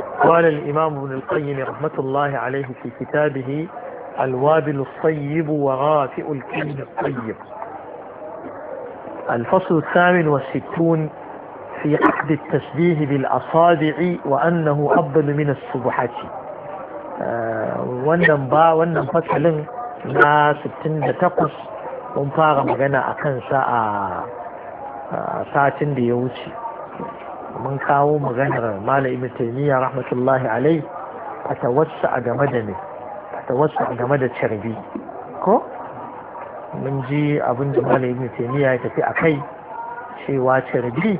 قال الإمام ابن القيم رحمة الله عليه في كتابه الوابل الطيب وغافئ الكلم الطيب الفصل الثامن والستون في عقد التشبيه بالأصابع وأنه أفضل من السبحات wannan ba wannan fasalin na 68 mun fara magana ساعة kansa a mun kawo maganar malam ibn taymiya rahmatullahi alai fatawassa a game da ne fatawassa a game da carbi ko mun ji abin da malam ibn taymiya ya tafi a kai cewa carbi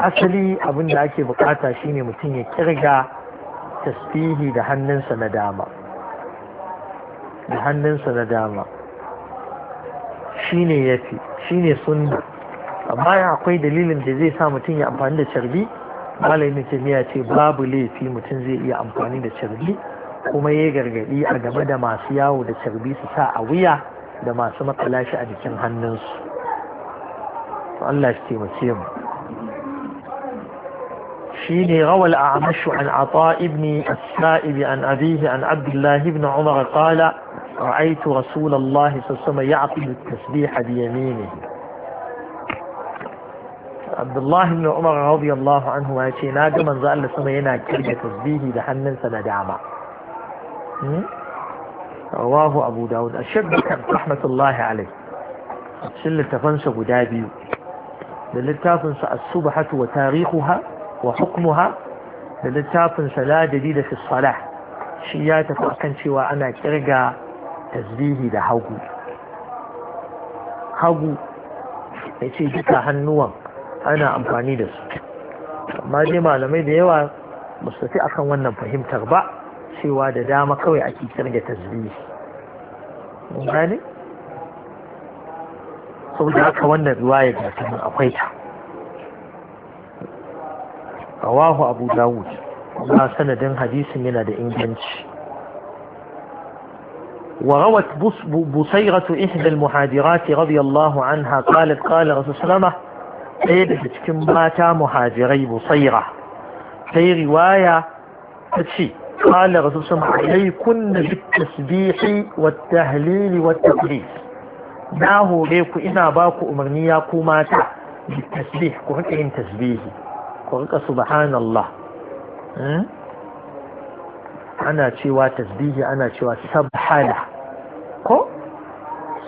asali abin da ake bukata shine mutum ya kirga tasbihi da hannunsa na dama da hannunsa na dama shine yafi shine sunna a baya akwai dalilin da zai sa mutum ya amfani da carbi malamin kimiyya ce babu laifi mutum zai iya amfani da carbi kuma ya gargaɗi a game da masu yawo da carbi su sa a wuya da masu matsalashi a jikin hannunsu to Allah shi taimake mu شيني rawal الأعمش عن عطاء ibn السائب عن an abihi an abdullahi بن umar قال رأيت رسول الله صلى الله عليه وسلم يعقد التسبيح Abdullahi ibn Umar radiyallahu anhu ya ce na ga manzo Allah sama yana kirga tasbihi da hannunsa na dama hmm? rawahu Abu Dawud ash-Shabbaka rahmatullahi alayh shin sa guda biyu da sa as-subhatu wa tarihuha wa hukmuha da littafinsa la da fi salah shi ya tafi akan cewa ana kirga tasbihi da hagu hagu ya ce duka hannuwan ana amfani da su amma dai malamai da yawa ba su tafi akan wannan fahimtar ba cewa da dama kawai ake da tasbihi mun gane saboda haka wannan riwaya ga ta akwai ta rawahu abu dawud kuma sanadin hadisin yana da inganci وروت بصيرة إحدى المهاجرات رضي الله عنها قالت قال رسول الله ɗaya daga cikin mata muhajirai busaira ta yi riwaya ta ce قال رسول الله عليكن بالتسبيح والتهليل والتقديس na hore ku ina ba ku umarni ya ku mata tasbih ku rika yin tasbihi ku rika subhanallah hmm? ana cewa tasbihi ana cewa sabhala ko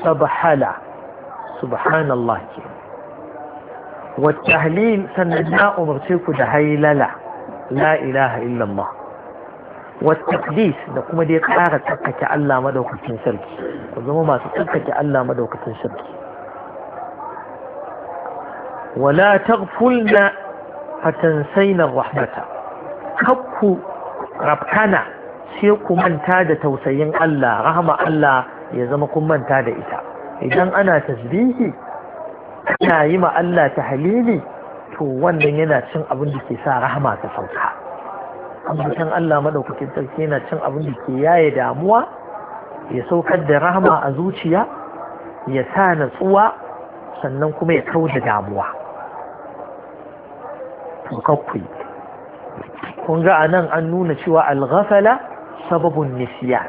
sabhala subhanallah ke والتهليل سنجنا أمرتك دهيللا لا إله إلا الله والتقديس نقوم دي قارة تقك ألا مدوك تنسلك وزمو ما تقك ألا مدوك تنسلك ولا تغفلنا فتنسينا الرحمة كبكو ربكنا سيكو من تاد توسين ألا رحمة ألا يزمكم من تاد إتا إذا أنا تسبيهي ta yi ma Allah ta halili to wannan yana cin abin da ke sa rahama ta sauka ambatan Allah madaukakin sarki yana cin abin da ke yaye damuwa ya saukar da rahama a zuciya ya sa natsuwa sannan kuma ya kau da damuwa kakwai kun ga a nan an nuna cewa alghafala sababin nisiya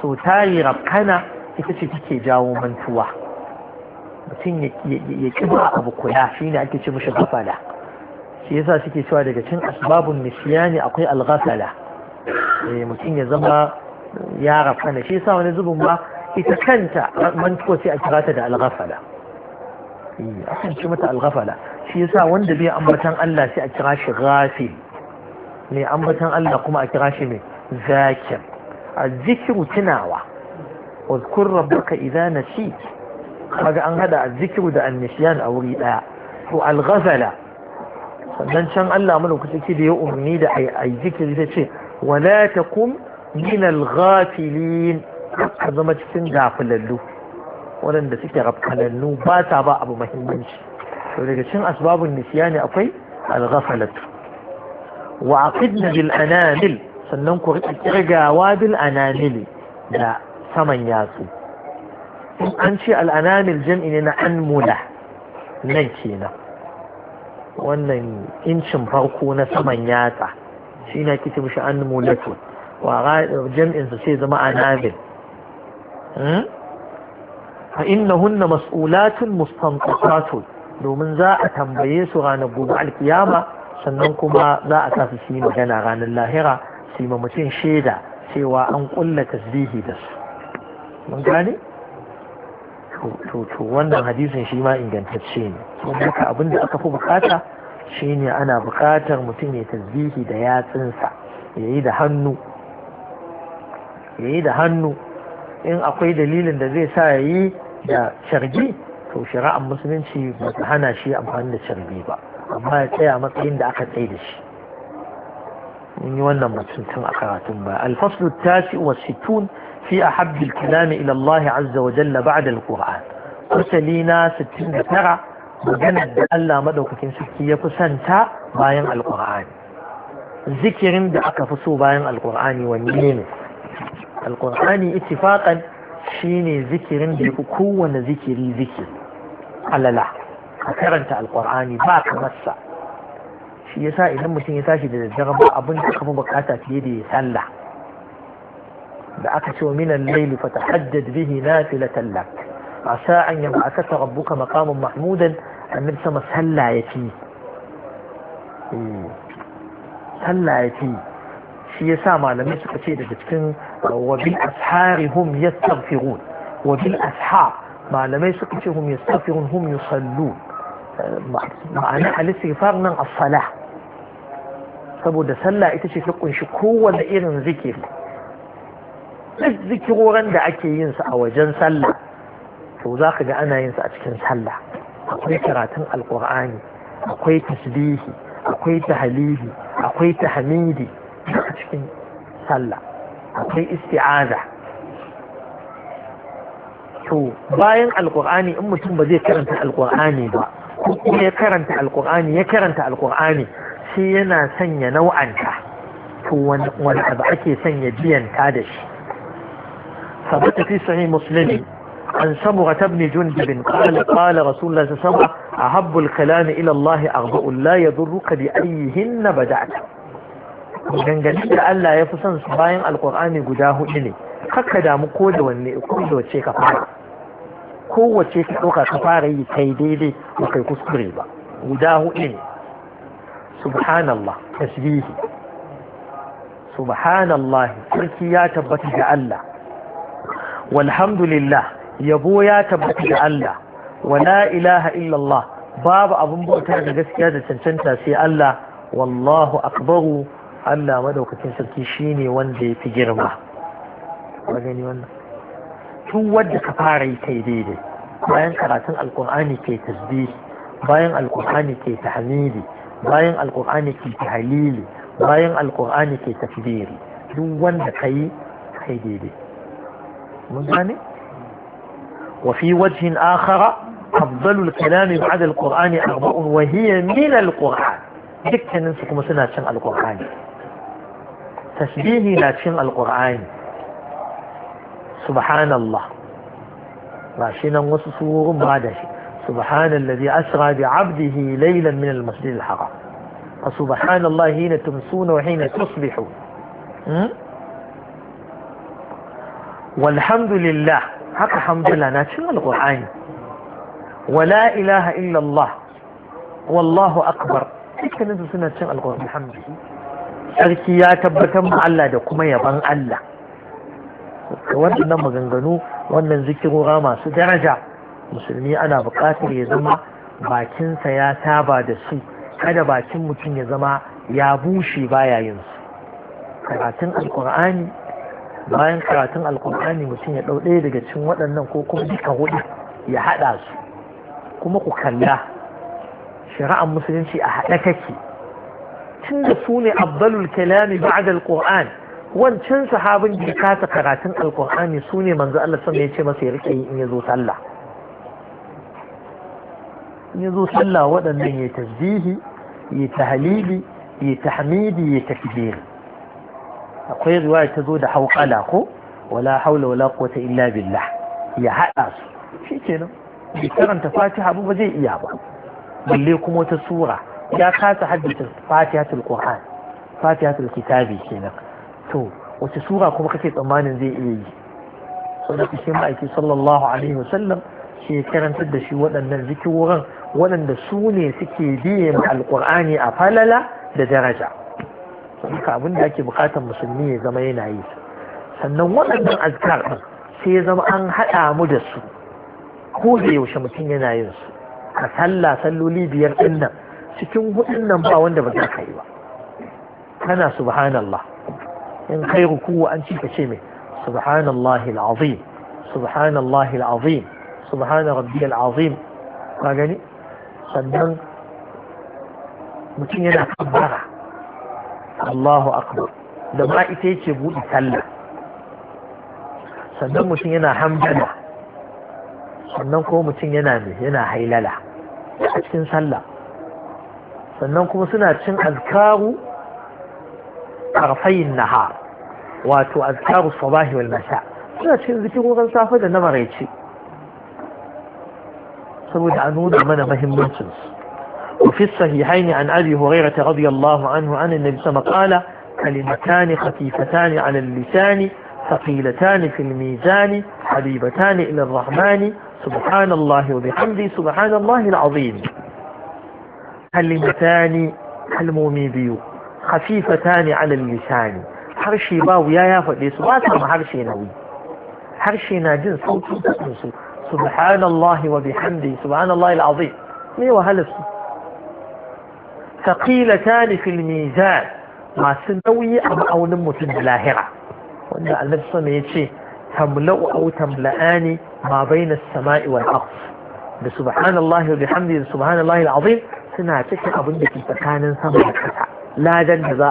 so tari rafkana ita ce take jawo mantuwa mutum ya ƙi abu kula shi ne ake ce mashi gafala shi yasa suke cewa daga cin asbabun nisiyani akwai alghafala eh, mutum ya zama ya rafana shi yasa wani zubin ba ita kanta mantuwa sai a kirata da alghafala eh, akan ce mata alghafala shi yasa wanda bai ambatan Allah sai a kira shi ghafil mai ambatan Allah kuma a kira shi mai zakir a zikiru tunawa واذكر ربك إذا kaga an hada azzikiru da annisyan a wuri daya to alghazala sannan can Allah mun kusa ki da ya umarni da ai zikiri ta ce wala takum min alghafilin ka zama cikin gafilallu waɗanda suke rafkanannu ba ta ba abu mahimmanci to daga cikin asbabun nisyani akwai alghafalat wa aqidna bil anamil sannan ku riƙa bil anamil da saman yatsu in an ce al'anamil jam'i ne na an mula nan kenan wannan incin farko na saman yatsa shi na kita mishi an mulatu wa jam'insa sai zama anamil hmm? fa innahunna mas'ulatun mustanqatatun domin za a tambaye su ranar gobe alkiyama sannan kuma za a kasu su yi magana ranar lahira su yi mutum shaida cewa an kulla tasbihi da su mun gane to wannan hadisin shi ma ingantacce ne don haka abin da aka fi bukata shine ana bukatar mutum ya tasbihi da yatsinsa ya yi da hannu ya yi da hannu in akwai dalilin da zai sa ya yi da shargi to shari'ar musulunci ba ta hana shi amfani da shargi ba amma ya tsaya matsayin da aka tsaye da shi in yi wannan batun a karatun ba alfaslu tasi wa situn fi a habbil kilami ila Allah azza wa jalla da alquran kusali na maganar da Allah madaukakin sarki ya kusanta bayan alkur'ani zikirin da aka fi so bayan alkur'ani wanne ne alqur'ani ittifaqan shine zikirin da yafi kowane zikiri zikiri alala a karanta alqur'ani ba kamar sa. shi yasa idan mutum ya tashi da daddare ba abin da kafa bukata fiye da ya sallah da aka ce min al-layl fa tahajjad bihi nafilatan lak asa an yab'athaka rabbuka maqaman mahmudan annabi sama sallah yafi sallah yafi shi yasa malamai suka ce daga cikin wa bil ashari hum yastaghfirun wa bil ashar malamai suka ce hum yastaghfirun hum yusallun ma'ana al-istighfar nan as-salah saboda sallah ita ce ta kunshi kowane irin zikiri duk zikiroran da ake yin su a wajen sallah to za ka ga ana yin su a cikin sallah akwai karatun alkur'ani akwai tasbihi akwai tahalihi akwai tahmidi a cikin sallah akwai isti'aza to bayan alkur'ani in mutum ba zai karanta alkur'ani ba ko ya karanta alkur'ani ya karanta alkur'ani ce yana sanya nau'anta to wani abu ake sanya biyanta da shi sabata fi sahih muslim عن سمرة بن جندب قال قال رسول sama a الله عليه وسلم أحب la ya الله أربع لا يضرك بأيهن بدأت dangane da Allah ya fi son su bayan alkur'ani guda hudu ne kakka damu ko da wanne ko da wacce ka fara kowace ka ɗauka ka fara yi kai daidai ba kai kuskure ba guda hudu ne subhanallah tasbihi subhanallah sarki ya tabbata ga Allah walhamdulillah yabo ya tabbata da Allah wala ilaha illallah babu abun bauta da gaskiya da cancanta sai Allah wallahu akbaru Allah madaukakin sarki shine wanda ya fi girma ba tun wadda ka fara yi kai daidai bayan karatun alkur'ani ke tasbihi bayan alkur'ani ke tahmidi bayan alkur'ani ke tahlili bayan alkur'ani ke tafsiri duk wanda kai kai daidai mun gane wa fi wajhin akhara afdalul kalam ba'da arba'un wa hiya min alqur'an dukkanin su kuma suna cin alkur'ani tasbihi na cin alkur'ani subhanallah ba shi nan wasu su ba da shi سبحان الذي أسرى بعبده ليلا من المسجد الحرام فسبحان الله حين تمسون وحين تصبحون والحمد لله haka hamdulillah na cin alƙur'ani wala ilaha illallah wallahu akbar dukkaninsu suna cin alƙur'ani hamdi sarki ya tabbatar ma Allah da kuma yaban Allah wannan maganganu wannan zikirura masu daraja musulmi ana buƙatar ya zama bakinsa ya saba da su kada bakin mutum ya zama ya bushe baya yin su karatun alkur'ani bayan karatun alkur'ani mutum ya ɗau ɗaya daga cikin waɗannan ko kuma duka hudu ya haɗa su kuma ku kalla shari'ar musulunci a haɗa kake tun da su ne abdalul kalami ba'da alkur'an wancan sahabin da kasa karatun alkur'ani su ne manzo Allah sama ya ce masa ya rike in ya zo sallah ya zo sallah waɗannan ya tasbihi ya tahlili ya tahmidi ya takbiri akwai riwaya ta zo da hauƙala ko wala haula wala quwwata illa billah ya haɗa su shikenan bai karanta fatiha ba zai iya ba balle kuma wata sura ya kasa haddace fatihatul qur'an fatihatul kitabi kenan to wace sura kuma kake tsammanin zai iya yi saboda shi ma'aiki sallallahu alaihi wasallam shi ya karantar da shi waɗannan zikirorin waɗanda su ne suke biye ma alƙur'ani a falala da daraja duka abin da ake bukatar musulmi ya zama yana yi sannan waɗannan azkar ɗin sai ya zama an haɗa mu da su ko da yaushe mutum yana yin su a sallah salloli biyar ɗin nan cikin huɗun nan ba wanda ba za ka yi ba kana subhanallah in kai rukuwa an ci ka ce mai subhanallah al'azim subhanallah al'azim subhana rabbi ka gani sannan mutum yana kan bara, Allahu akbar da ma ita yake buɗe sallah sannan mutum yana hamdala sannan kuma mutum yana mai yana hailala a cikin sallah sannan kuma suna cin azkaru ƙarfayin nahar wato azkaru sabahi wal masha suna cin zikirorin safe da na maraice سويت عنود من مهمنس وفي الصحيحين عن أبي هريرة رضي الله عنه عن النبي صلى الله عليه وسلم قال كلمتان خفيفتان على اللسان ثقيلتان في الميزان حبيبتان إلى الرحمن سبحان الله وبحمده سبحان الله العظيم كلمتان حلمومي بيو خفيفتان على اللسان حرشي باو يا يا فتلي سواتر ما حرشي نوي حرشي ناجن صوت صوت سبحان الله وبحمده سبحان الله العظيم ليه أيوة، وهلس ثقيلتان في الميزان ما سنوي أم أو نموت الملاهرة وأن النبي صلى الله تملأ أو تملأني ما بين السماء والأرض بسبحان الله وبحمده سبحان الله العظيم suna cikin abin da ke tsakanin sama da ƙasa ladan da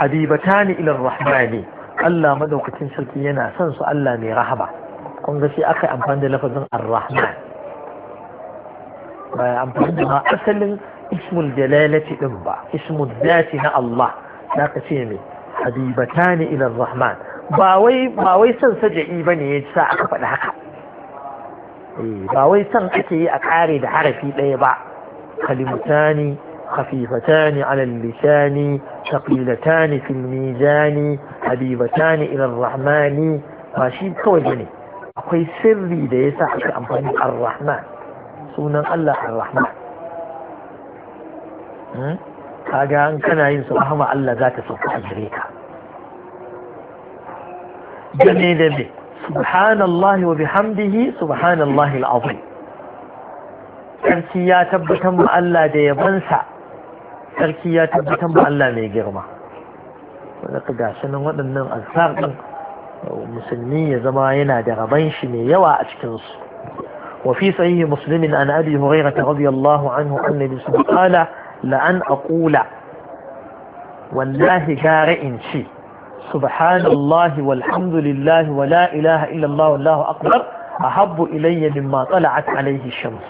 habibatani ila rahmani Allah madaukakin sarki yana son su Allah mai rahama kun ga sai aka amfani da lafazin ar-rahman ba amfani da asalin ismul jalalati din ba ismul zati na Allah da ka ce mai ila rahman ba wai ba wai son saja'i bane ya sa aka faɗi haka ba wai son ake yi a ƙare da harafi ɗaya ba kalimatani خفيفتان على اللسان ثقيلتان في الميزان حبيبتان إلى الرحمن ماشي كوي بني أقوي سري دي سحك أمبني الرحمن سونا الله الرحمن kaga an kana yin su rahama Allah za ta sauka a gare da ne subhanallahi wa bihamdihi subhanallahi al'azim sarki ya tabbatar ma Allah da yabansa tsarki ya tabbatar ba Allah mai girma wanda ka gashi nan waɗannan azhar ɗin musulmi ya zama yana da raban shi mai yawa a cikin su wa fi sahihi muslim an abi hurairah radiyallahu anhu annabi sallallahu alaihi la an aqula wallahi gare in ci subhanallah walhamdulillah wala ilaha illa allah wallahu akbar ahabbu ilayya mimma tala'at alayhi shams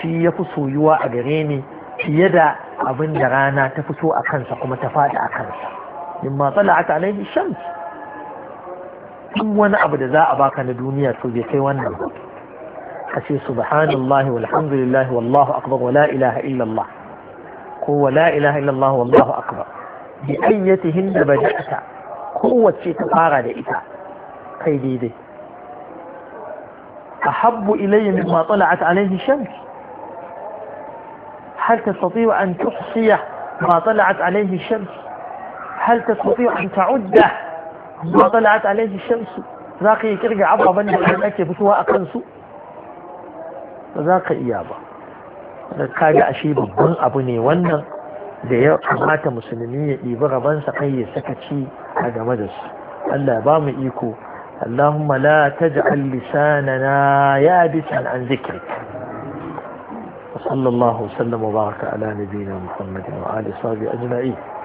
shi yafi soyuwa a gare ni fiye da abin da rana ta fito a kansa kuma ta faɗi a kansa in ma tsala a alaihi shan! duk wani abu da za a baka na duniya to bai kai wannan ba ka ce subhanallahi walhamdulillah wallahu akbar wala ilaha illallah ko wala ilaha illallah wallahu akbar bi ayyatihin da bada'ta kowace ta fara da ita kai daidai ahabbu ilayya mimma tala'at alayhi shams هل تستطيع أن تحصي ما طلعت عليه الشمس هل تستطيع أن تعد ما طلعت عليه الشمس ذاقي كرجع عبر بني الملك بسوا أقنسو ذاك إيابا كاجا أشي ببن أبني ونن ديو كمات مسلمية إبرا بن سقي سكتشي هذا مدرس الله بام إيكو اللهم لا تجعل لساننا يابسا عن ذكرك وصلى الله وسلم وبارك على نبينا محمد وآل صحبه أجمعين